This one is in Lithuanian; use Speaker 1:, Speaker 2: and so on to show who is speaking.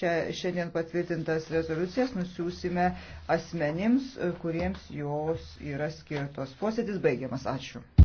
Speaker 1: šia, šiandien patvirtintas rezoliucijas nusiūsime asmenims, kuriems jos yra skirtos. Posėdis baigiamas. Ačiū.